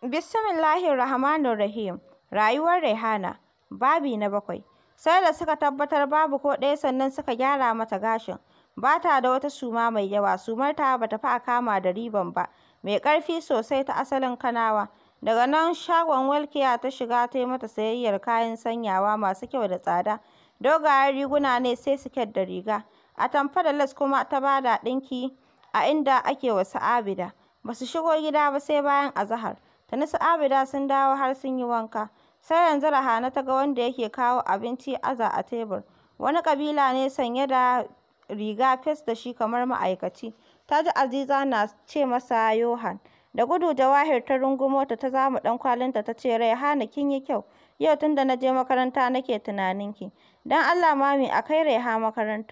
Bismillahirrahmanirrahim. Rayuwar Rehana, babi na bakwai. Sai da suka tabbatar babu ko ɗaya sannan suka gyara mata gashin. Ba ta da wata suma mai yawa, sumarta ba ta fi a kama da riban ba, mai ƙarfi sosai ta asalin Kanawa. Daga nan shagon walkiya ta shiga ta yi mata sayayyar kayan sanyawa masu kyau da tsada. Dogayen riguna ne sai siket da riga. A tamfa da las kuma ta ba da ɗinki a inda ake wasu abida. Ba su shigo gida ba sai bayan azahar. da su Abida sun dawo har sun yi wanka. Sai yanzu Rahane ta ga wanda yake kawo abinci aza a tebur. Wani kabila ne sanye da riga fes da shi kamar ma'aikaci. Ta ji Aziza na ce masa Yohan. Da gudu Jawahir ta rungumo ta ta zama ɗan kwalinta ta ce Raihana kin yi kyau. Yau tun da na je makaranta nake tunaninki. Don Allah mami a kai Raiha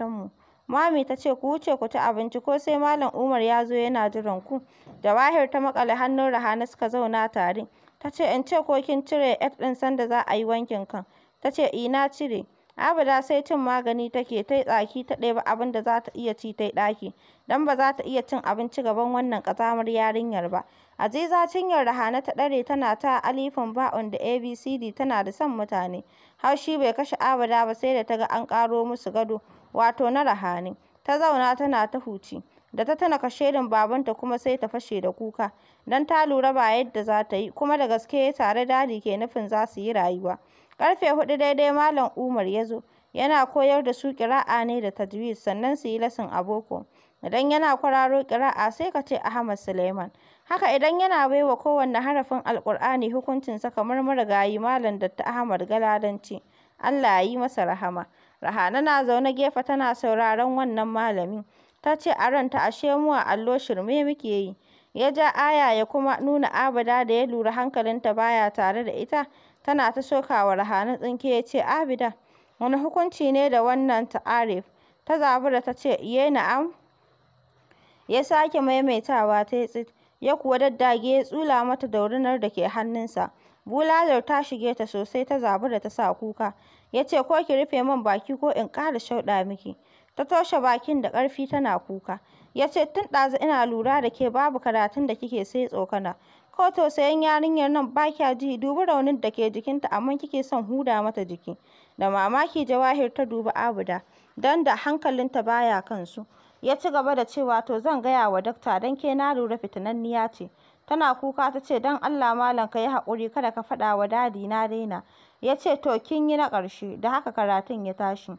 mu. Mami ta ce, ku wuce ku ci abinci ko sai Malam Umar ya zo yana jiran ku. Jawahir ta maƙale hannun Rahana suka zauna tare. Ta ce, in ce ko kin cire yat ɗin sanda za a yi wankin kan. Ta ce, ina eh, cire. Abida sai cin magani take ta yi tsaki ta ɗebi abin da za ta iya ci ta yi ɗaki. Don ba za ta iya cin abinci gaban wannan ƙazamar yarinyar ba. Aziza cinyar Rahana ta ɗare tana ta alifin ba'un da ABCD tana da son mutane. Haushi bai kashe Abida ba sai da ta ga an ƙaro musu gado. wato na rahane ta zauna tana ta huci da ta tuna kashedin babanta kuma sai ta fashe da kuka dan ta lura ba yadda za ta yi kuma da gaske tare dadi ke nufin za su yi rayuwa karfe hudu daidai malam umar ya zo yana koyar da su kira'a ne da tajwid sannan su yi lasin a boko idan yana kwararo kira'a sai ka ce ahmad suleiman haka idan yana baiwa kowanne harafin alkur'ani hukuncinsa kamar marigayi malam datta ahmad galadanci allah ya yi masa rahama Rahana na zaune gefe tana sauraron wannan malamin. Ta ce a ranta ashe mu a allo shirme muke yi. Ya ja aya ya kuma nuna Abida da ya lura hankalinta baya tare da ita. Tana ta wa Rahana tsinke ya ce Abida wani hukunci ne da wannan ta'arif. Ta zabura ta ce ye na'am. Ya sake maimaitawa ta yi Ya kuwa daddage ya tsula mata daurinar da ke hannunsa. Bulalar ta shige ta sosai ta zabura ta sa kuka. ya ce ko ki rufe man baki ko in ƙara shauɗa miki. Ta toshe bakin da ƙarfi tana kuka. Ya ce tun ɗazu ina lura da ke babu karatun da kike sai tsokana. Ko to sayan yarinyar nan ba kya ji dubi raunin da ke jikinta amma kike son huda mata jiki. Da mamaki Jawahir ta dubi Abuda don da hankalinta baya kansu. Ya ci gaba da cewa to zan gaya wa dakta don ke na lura fitinanniya ce. Tana kuka ta ce don Allah malam ka yi haƙuri kada ka faɗa wa dadi na daina. ya ce to kin yi na ƙarshe, da haka karatun ya tashi.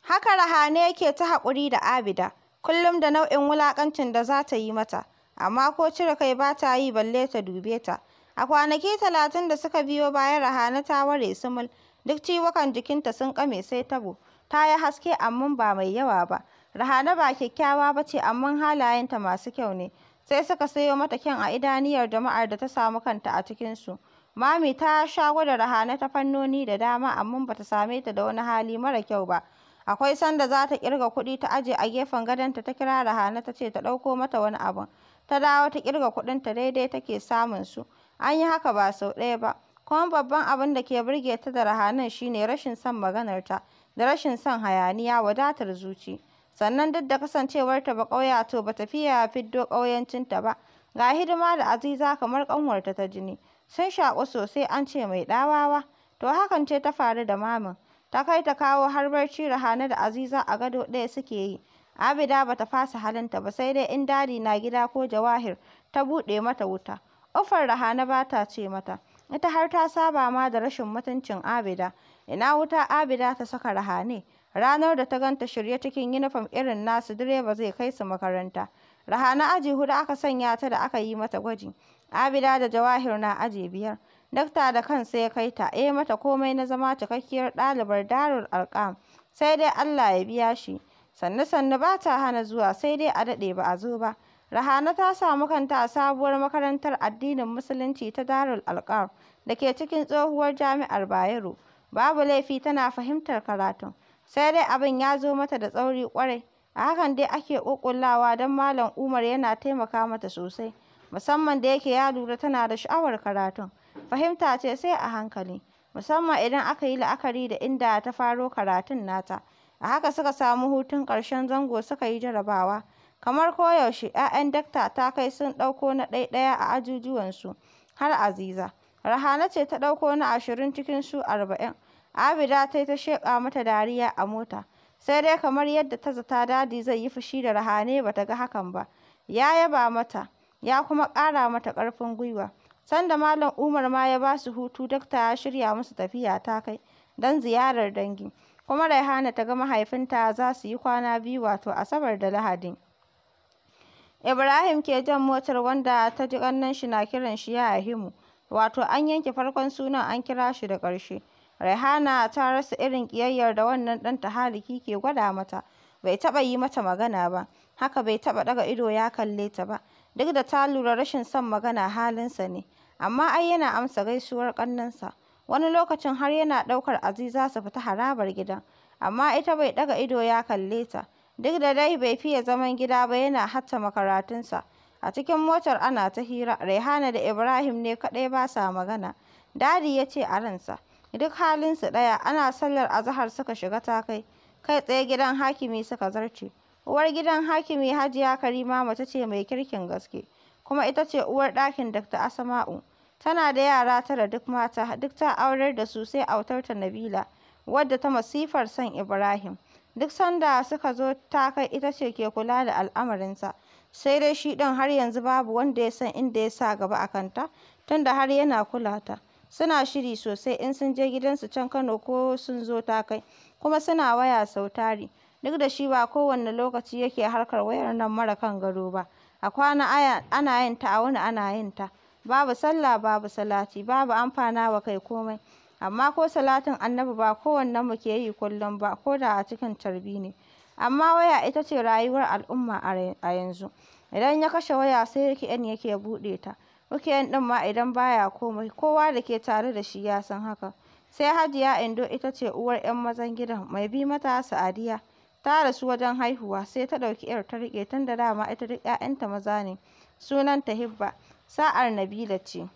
Haka Rahane yake ta haƙuri da Abida, kullum da nau'in wulaƙancin da za ta yi mata, amma ko cire kai ba ta yi balle ta dube ta. A kwanaki talatin da suka biyo bayan Rahane ta ware sumul, duk ciwukan jikinta sun ƙame sai tabo. Ta yi haske amma ba mai yawa ba. Rahane ba kyakkyawa ba ce amma halayenta masu kyau ne. Sai suka sayo mata kyan a idaniyar jama'ar da ta samu kanta a cikinsu. Mami ta sha gwada Rahane ta fannoni da dama amma ba ta same ta da wani hali mara kyau ba. Akwai sanda za ta ƙirga kuɗi ta aje a gefen gadonta ta kira rahana ta ce ta ɗauko mata wani abun. Ta dawo ta kirga ƙirga ta daidai take samun su. An yi haka ba sau ɗaya ba. Kuma babban abin da ke burge ta da rahanan shine rashin son ta da rashin son hayaniya wadatar zuci. Sannan duk da kasancewarta ba ƙauya to ba ta fiya fiddo ƙauyancinta ba. Ga hidima da Aziza kamar ƙanwarta ta jini. Sun shaƙu sosai an ce mai ɗawawa. To hakan ce ta faru da Mamin. Ta kai ta kawo har barci Rahane da Aziza a gado ɗaya suke yi. Abida bata fasa halinta ba sai dai in dadi na gida ko Jawahir ta buɗe mata wuta. Ƙofar Rahane ta ce mata. Ita har ta saba ma da rashin mutuncin Abida. Ina wuta Abida ta saka Rahane. Ranar da ta ganta shirye cikin yunifom irin nasu direba zai kai su makaranta. Rahane aji hudu aka sanya ta da aka yi mata gwaji. Abida da Jawahir na aji biyar. Dakta da kansa ya kai ta, eh mata komai na zama cikakkiyar ɗalibar Darul Arqam. Sai dai Allah ya biya shi. Sannu sannu ba ta hana zuwa sai dai a daɗe ba a zo ba. Rahana ta samu kanta a sabuwar makarantar addinin Musulunci ta Darul Arqam da ke cikin tsohuwar jami'ar Bayero. Babu laifi tana fahimtar karatun. Sai dai abin ya zo mata da tsauri ƙwarai. A hakan dai ake ƙuƙƙullawa don Malam Umar yana taimaka mata sosai. musamman da yake ya lura tana da sha'awar karatun. Fahimta ce sai a hankali, musamman idan aka yi la'akari da inda ta faro karatun nata. A haka suka samu hutun ƙarshen zango suka yi jarabawa. Kamar koyaushe, 'ya'yan Dakta ta kai sun ɗauko na ɗaiɗaya a ajujuwansu, har Aziza. Rahana ce ta ɗauko na ashirin cikin su arba'in. Abida ta yi ta sheƙa mata dariya a mota. Sai dai kamar yadda ta zata Dadi zai yi fushi da Rahane ba ta ga hakan ba. Ya yaba mata. ya kuma ƙara mata ƙarfin gwiwa. Sanda Malam Umar ma ya ba su hutu, dakta ya shirya musu tafiya ta kai don ziyarar dangi. Kuma Raihana ta ga mahaifinta za su yi kwana biyu wato Asabar da Lahadi. Ibrahim ke jan motar wanda ta ji ƙannan shi na kiran shi ya himu. wato an yanke farkon sunan an kira shi da ƙarshe. Raihana ta rasa irin ƙiyayyar da wannan ɗan tahaliki ke gwada mata. Bai taɓa yi mata magana ba, haka bai taɓa ɗaga ido ya kalle ta ba. duk da ta lura rashin son magana halinsa ne, amma ai yana amsa gaisuwar ƙannensa, wani lokacin har yana ɗaukar Aziza su fita harabar gidan, amma ita bai ɗaga ido ya kalle ta, duk da dai bai fiye zaman gida ba yana hattama karatunsa. A cikin motar ana ta hira, Raihana da Ibrahim ne kaɗai ba sa magana. Dadi ya ce a ransa, duk halinsu ɗaya, ana sallar azahar suka shiga takai, kai tsaye gidan hakimi suka zarce. Uwar gidan Hakimi Hajiya Karima mace ce mai kirkin gaske, kuma ita ce uwar ɗakin Dr. Asma'u. Tana da yara tara duk mata, duk ta aurar da su sai autar ta Nabila, wadda ta masifar son Ibrahim. Duk sanda suka zo ta kai ita ce ke kula da al'amarinsa. Sai dai shi ɗin har yanzu babu wanda ya san inda ya sa gaba a kanta, tunda har yana kula ta. Suna shiri sosai in sun je gidansu can Kano ko sun zo ta kai, kuma suna waya sau tari. duk da shi ba kowane lokaci yake harkar wayar nan mara kan gado ba a kwana ana yin ta a wani ana yin ta babu sallah babu salati babu amfana wa kai komai amma ko salatin annabi ba kowannen mu ke yi kullum ba ko da a cikin tarbi ne amma waya ita ce rayuwar al'umma a yanzu idan ya kashe waya sai rik'en yake buɗe ta rik'en ɗin ma idan baya komai kowa da ke tare da shi ya san haka sai hajiya indo ita ce uwar 'yan mazan gidan mai bi mata sa'adiya ta rasu wajen haihuwa sai ta ɗauki 'yar ta riƙe tun da dama ita duk 'ya'yanta maza ne sunanta Hibba sa'ar Nabila ce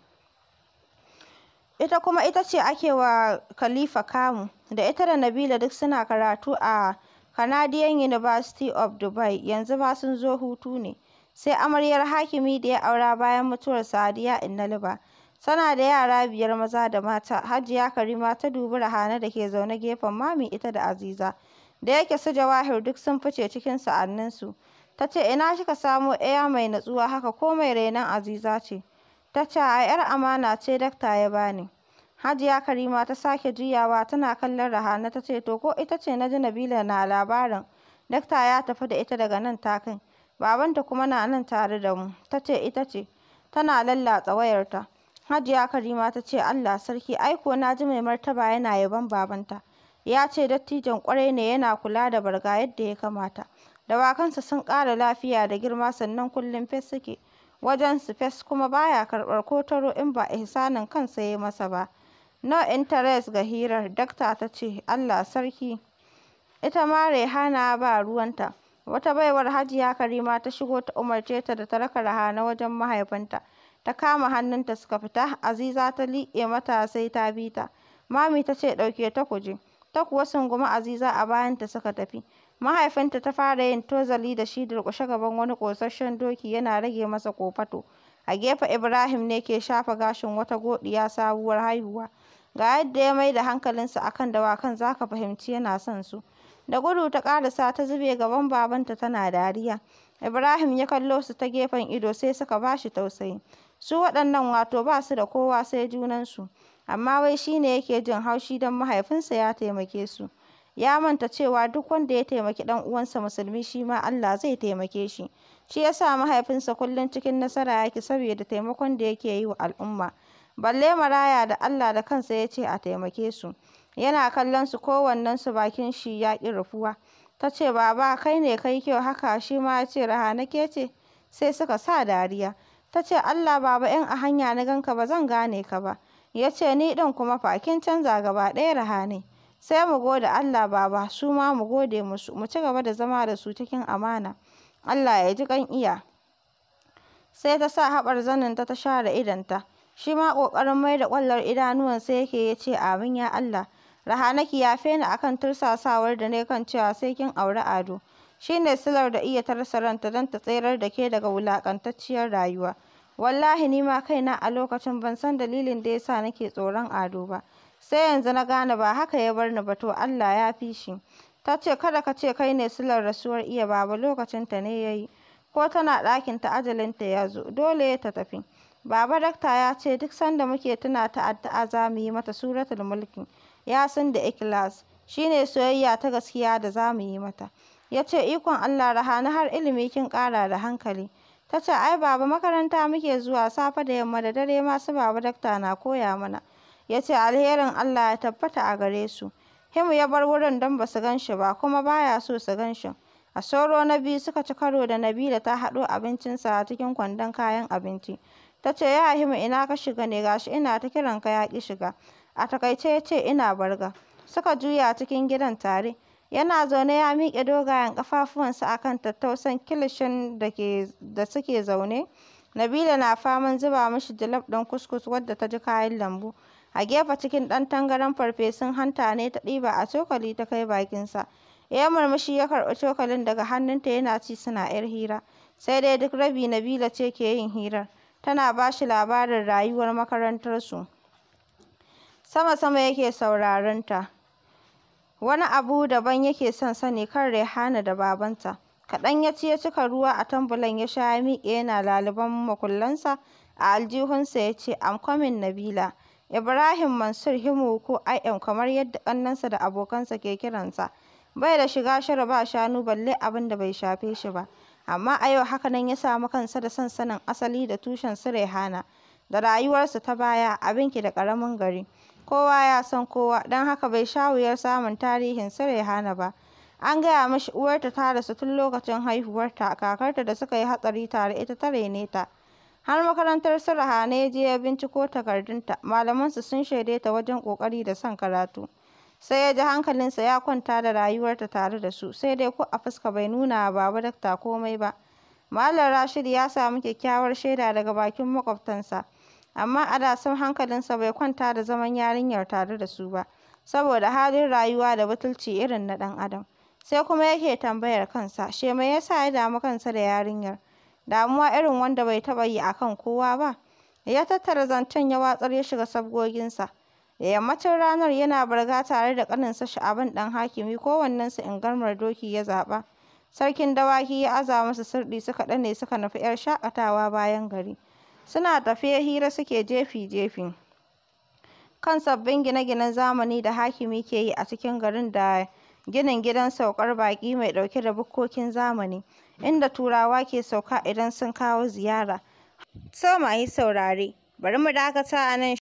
ita kuma ita ce ake wa Khalifa kamu da ita da Nabila duk suna karatu a Canadian University of Dubai yanzu ma sun zo hutu ne sai amaryar hakimi da ya aura bayan mutuwar Sadiya Innaliba tana da yara biyar maza da mata Hajiya Karima ta dubi Rahana da ke zaune gefen mami ita da Aziza da yake su Jawahir duk sun fice cikin sa'anninsu. Ta ce, ina kika samo ɗaya mai natsuwa haka ko mai renon Aziza ce? Ta ce, a 'yar amana ce dakta ya bani. Hajiya Karima ta sake juyawa tana kallon Rahana ta ce, to ko ita ce na ji Nabila na labarin. Dakta ya tafi da ita daga nan takan. Babanta kuma na nan tare da mu. Ta ce, ita ce. Tana lallatsa wayarta. Hajiya Karima ta ce, Allah sarki, aiko ko na ji mai martaba yana yabon babanta. Ya ce dattijon ƙwarai ne yana kula da Barga yadda ya kamata. Dawakansa sun ƙara lafiya da girma sannan kullum fes suke. Wajen su fes kuma baya karɓar ko taro in ba ihsanin kansa ya masa ba. No interest ga hirar, dakta ta ce, Allah sarki. Ita ma Rehana ba ruwanta. Wata baiwar Hajiya Karima ta shigo ta umarce ta da ta raka Rahana wajen mahaifinta. Ta kama hannunta suka fita, Aziza ta liƙe mata sai ta bi ta. Mami ta ce, ɗauke ta ku je. ta kuwa sunguma Aziza a bayanta suka tafi. Mahaifinta ta fara yin tozali da shi durƙushe gaban wani ƙosasshen doki yana rage masa kofato. A gefe Ibrahim ne ke shafa gashin wata godiya sabuwar haihuwa. Ga yadda ya mai da hankalinsa a kan dawakan za ka fahimci yana son su. Da gudu ta ƙarasa ta zube gaban babanta tana dariya. Ibrahim ya kallo su ta gefen ido sai suka bashi tausayi. Su waɗannan wato ba su da kowa sai junansu. amma wai shi ne yake jin haushi don mahaifinsa ya taimake su. Ya manta cewa duk wanda ya taimaki ɗan uwansa musulmi shi ma Allah zai taimake shi. Shi ya sa mahaifinsa kullum cikin nasara yake saboda taimakon da yake yi wa al'umma. Balle maraya da Allah da kansa ya ce a taimake su. Yana kallon su su bakin shi ya ƙi rufuwa. Ta ce, Baba, kai ne kai kyau haka, shi ma ya ce, ce, sai suka sa dariya. Ta ce, Allah, Baba, in a hanya na ganka ba zan gane ka ba. ya ce ni ɗin kuma fa kin canza gaba ɗaya Rahane. Sai mu gode Allah Baba, su ma mu gode musu, mu ci gaba da zama da su cikin amana. Allah ya ji kan iya. Sai ta sa haɓar zaninta ta share idonta. Shi ma ƙoƙarin mai da ƙwallar idanuwansa yake ya ce amin ya Allah. rahanaki ya yafe ni kan tursasawar da na kan cewa sai kin auri Ado. Shi ne silar da iya tarsa ranta don ta tserar da ke daga wulaƙantacciyar rayuwa. Wallahi ni ma kaina a lokacin ban san dalilin da ya sa nake tsoron Ado ba. Sai yanzu na gane ba haka ya bar ni ba to Allah ya fi shi. Ta ce kada ka ce kai ne silar rasuwar iya baba ta ne ya yi. Ko tana ɗakin ɗakinta ajalinta ya zo, dole ta tafi. Baba dakta ya ce duk sanda muke tuna ta addu'a za mu yi mata suratul mulki. san da ikhlas shi ne soyayya ta gaskiya da za mu yi mata. Ya ce ikon Allah rahani har ilimi kin ƙara da hankali. Ta ce, ai baba makaranta muke zuwa safe da yamma da dare ma su baba dakta na koya mana. Ya ce, alherin Allah ya tabbata a gare su. Himu ya bar wurin don ba su gan shi ba, kuma baya so su gan shi. A sauro na biyu suka ci karo da Nabila ta haɗo abincinsa a cikin kwandon kayan abinci. Ta ce, ya Himu ina ka shiga ne gashi ina ta kiran ka ya ƙi shiga. A takaice ya ce, ina barga. Suka juya cikin gidan tare. Yana zaune ya miƙe dogayen ƙafafuwansa a kan tattausan kilishin da suke zaune. Nabila na faman zuba mishi jalof ɗin kuskus wadda ta ji kayan lambu. A gefe cikin ɗan tangaran farfesun hanta ne ta ɗiba a cokali ta kai bakinsa. Ya murmushi ya karɓi cokalin daga hannunta yana ci suna 'yar hira. Sai dai duk rabi Nabila ce ke yin hirar. Tana ba shi labarin rayuwar makarantarsu. Sama-sama yake sauraron ta. Wani abu daban yake son sani kan Rihanna da babanta. Kaɗan ya ci ya cika ruwa a tambulan ya sha ya miƙe yana laliban makullansa a aljihunsa ya ce, I'm coming Nabila. Ibrahim Mansur Himo ko IM kamar yadda ƙannensa da abokansa ke kiransa. Bai da shiga shara ba shanu balle abin da bai shafe shi ba. Amma a yau haka nan ya samu kansa da sansanin asali da tushen su Rihanna. Da rayuwarsa ta baya abinki da ƙaramin gari. kowa ya san kowa, don haka bai sha wuyar samun tarihin su Rehana ba. An gaya mashi uwarta ta rasu tun lokacin haihuwarta, kakarta da suka yi hatsari tare ita ta rene ta. Har makarantar su Rahane ya je ya binciko takardunta, malamansu sun shaide ta wajen ƙoƙari da son karatu. Sai ya ji hankalinsa ya kwanta da rayuwarta tare da su, sai dai ko a fuska bai nuna wa Baba Dakta komai ba. Malam Rashid ya samu kyakkyawar shaida daga bakin maƙwabtansa. amma a da sam hankalinsa bai kwanta da zaman yarinyar tare da su ba saboda halin rayuwa da butulci irin na ɗan adam. Sai kuma yake tambayar kansa, she me yasa ya damu kansa da yarinyar? Damuwa irin wanda bai taɓa yi a kan kowa ba. Ya tattara zancen ya watsar ya shiga sabgoginsa. Da yammacin ranar yana barga tare da ƙaninsa Sha'aban ɗan Hakimi in ingarmar doki ya zaɓa. Sarkin dawaki ya aza masa sirɗi suka ɗane suka nufi 'yar shaƙatawa bayan gari. Suna tafe hira suke jefi-jefi kan sabbin gine-ginen zamani da Hakimi ke yi a cikin garin da ginin gidan saukar baƙi mai ɗauke da bukkokin zamani, inda Turawa ke sauka idan sun kawo ziyara. To saurare, bari mu dakata a nan.